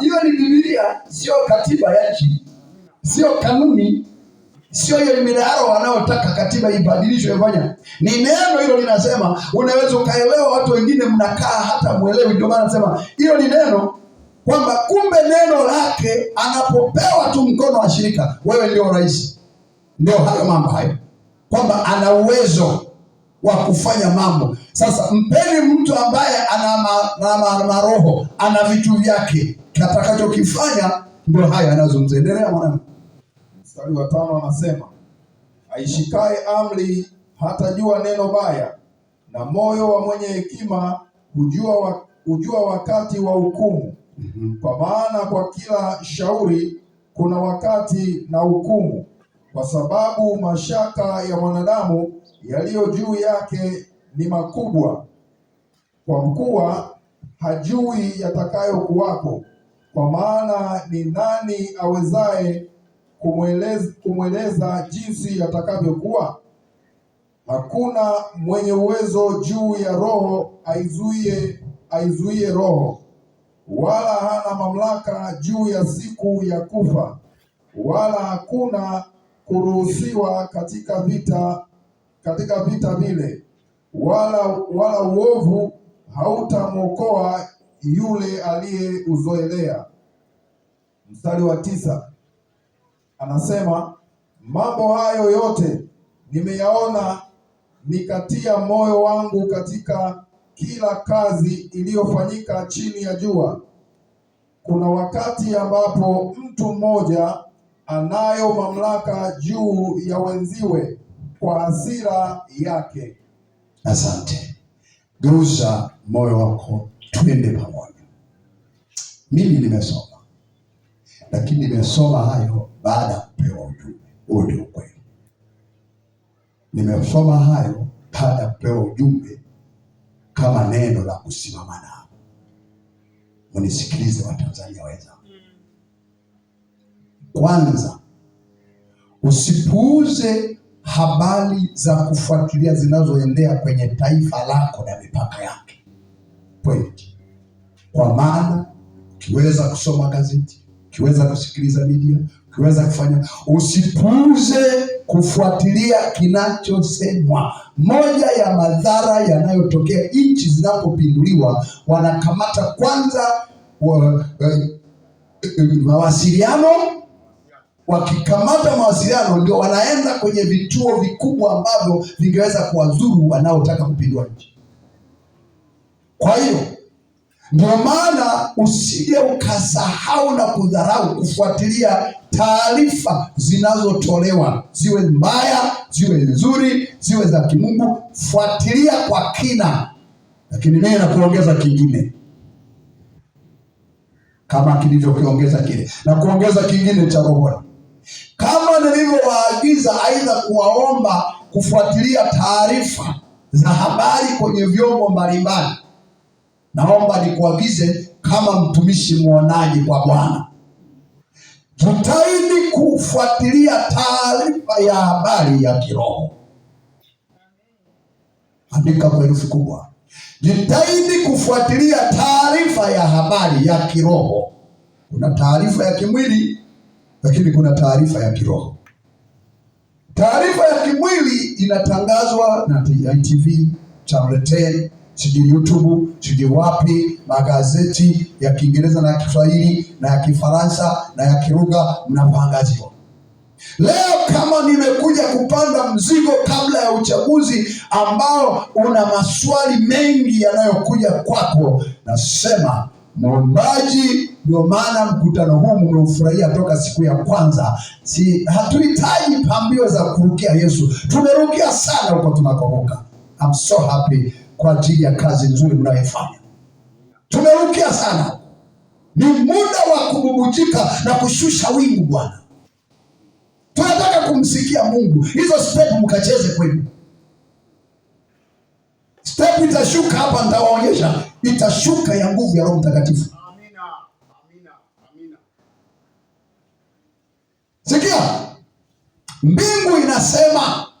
Hiyo ni Biblia, sio katiba ya nchi, sio kanuni, sio hiyo midaharo wanaotaka katiba ibadilishwe. Fanya ni neno hilo linasema, unaweza ukaelewa, watu wengine mnakaa hata mwelewi. Ndio maana nasema hilo ni neno, kwamba kumbe neno lake anapopewa tu mkono wa shirika, wewe ndio rais. Ndio hayo mambo hayo, kwamba ana uwezo wa kufanya mambo. Sasa mpeni mtu ambaye ana maroho, ana vitu vyake atakachokifanya ndio haya yanazungumza. Endelea mwanangu. Mstari wa tano anasema aishikaye amri hatajua neno baya, na moyo wa mwenye hekima hujua, wa, hujua wakati wa hukumu mm -hmm. Kwa maana kwa kila shauri kuna wakati na hukumu, kwa sababu mashaka ya mwanadamu yaliyo juu yake ni makubwa, kwa kuwa hajui yatakayokuwako kwa maana ni nani awezaye kumweleza, kumweleza jinsi yatakavyokuwa? Hakuna mwenye uwezo juu ya roho aizuie, aizuie roho, wala hana mamlaka juu ya siku ya kufa, wala hakuna kuruhusiwa katika vita katika vita vile, wala wala uovu hautamwokoa yule aliyeuzoelea. Mstari wa tisa anasema mambo hayo yote nimeyaona, nikatia moyo wangu katika kila kazi iliyofanyika chini ya jua. Kuna wakati ambapo mtu mmoja anayo mamlaka juu ya wenziwe kwa hasira yake. Asante, geuza moyo wako tuende pamoja. Mimi nimesoma, lakini nimesoma hayo baada ya kupewa ujumbe. Huo ndio ukweli, nimesoma hayo baada ya kupewa ujumbe kama neno la kusimama nao. Mnisikilize Watanzania weza kwanza usipuuze habari za kufuatilia zinazoendea kwenye taifa lako na mipaka yake kwetu, kwa maana ukiweza kusoma gazeti, ukiweza kusikiliza media, ukiweza kufanya, usipuuze kufuatilia kinachosemwa. Moja ya madhara yanayotokea nchi zinapopinduliwa, wanakamata kwanza wa, wa, mawasiliano wakikamata mawasiliano ndio wanaenda kwenye vituo vikubwa ambavyo vingeweza kuwazuru wanaotaka kupindua nchi. Kwa hiyo ndio maana usije ukasahau na kudharau kufuatilia taarifa zinazotolewa, ziwe mbaya, ziwe nzuri, ziwe za kimungu, fuatilia kwa kina. Lakini mimi nakuongeza kingine kama kilivyokiongeza kile na kuongeza kingine cha roho, kama nilivyowaagiza aidha kuwaomba kufuatilia taarifa za habari kwenye vyombo mbalimbali naomba nikuagize kama mtumishi mwonaji kwa Bwana, jitahidi kufuatilia taarifa ya habari ya kiroho. Andika kwa herufi kubwa, jitahidi kufuatilia taarifa ya habari ya kiroho. Kuna taarifa ya kimwili, lakini kuna taarifa ya kiroho. Taarifa ya kimwili inatangazwa na TV, Channel 10 sijui YouTube, sijui wapi, magazeti ya Kiingereza na ya Kiswahili na ya Kifaransa na ya Kiruga mnapangaziwa. Leo kama nimekuja kupanda mzigo kabla ya uchaguzi ambao una maswali mengi yanayokuja kwako, nasema mwombaji. Ndio maana mkutano huu mmeufurahia toka siku ya kwanza. Si hatuhitaji pambio za kurukia Yesu, tumerukia sana huko tunakomoka. I'm so happy kwa ajili ya kazi nzuri mnayoifanya. Tumerukia sana, ni muda wa kububujika na kushusha wingu. Bwana, tunataka kumsikia Mungu. Hizo step mkacheze kwenu, step itashuka hapa, nitawaonyesha itashuka ya nguvu ya Roho Mtakatifu. Amina, amina, amina. Sikia, mbingu inasema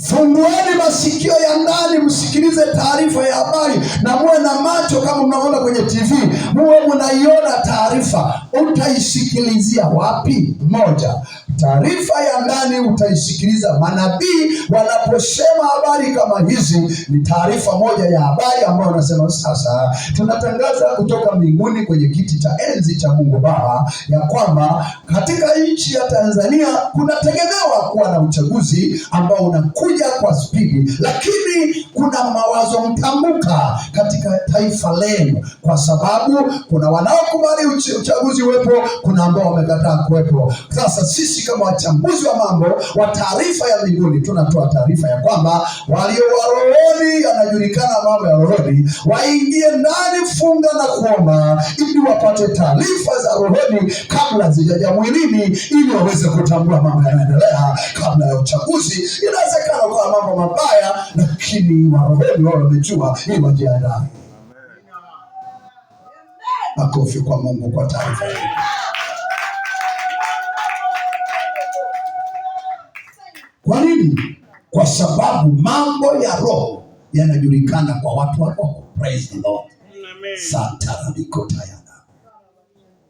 Fungueni masikio ya ndani, msikilize taarifa ya habari na muwe na macho kama mnaona kwenye TV, muwe mnaiona taarifa. Utaisikilizia wapi? Moja. Taarifa ya ndani utaisikiliza. Manabii wanaposema habari kama hizi, ni taarifa moja ya habari ambayo unasema sasa, tunatangaza kutoka mbinguni kwenye kiti cha enzi cha Mungu Baba ya kwamba katika nchi ya Tanzania kunategemewa kuwa na uchaguzi ambao unakuja kwa spidi, lakini kuna mawazo mtambuka katika taifa lenu, kwa sababu kuna wanaokubali uchaguzi uwepo, kuna ambao wamekataa kuwepo. Sasa sisi kama wachambuzi wa mambo wa taarifa ya mbinguni tunatoa taarifa ya kwamba walio warohoni, yanajulikana mambo ya rohoni, waingie ndani, funga na kuomba, ili wapate taarifa za rohoni kabla zijaja mwilini, ili waweze kutambua mambo yanaendelea kabla ya uchaguzi. Inawezekana kwa mambo mabaya, lakini warohoni wao wamejua, ili wajiandae. Makofi kwa Mungu kwa taarifa hii. Kwa nini? Kwa sababu mambo ya roho yanajulikana kwa watu wa roho. Praise the Lord. Satarabikotayana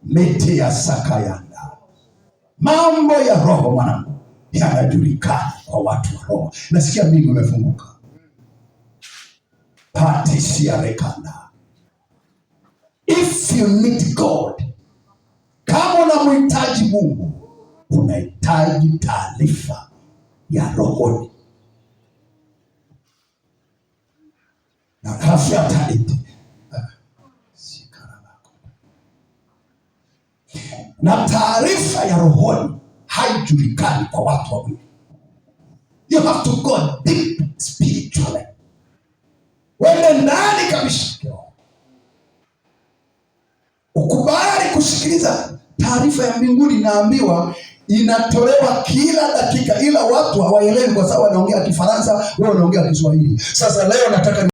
mete ya sakayana, mambo ya roho mwanangu yanajulikana kwa watu wa roho. Nasikia mbingu imefunguka patisiarekana. If you need God, kama unamhitaji Mungu, unahitaji taarifa ya rohoni na kafyata na taarifa ya rohoni haijulikani kwa watu wa mwili. You have to go deep spiritually, wende ndani kabisa, ukubali kusikiliza taarifa ya mbinguni. Inaambiwa inatolewa kila dakika, ila watu hawaelewi kwa sababu wanaongea Kifaransa, wewe unaongea Kiswahili. Sasa leo nataka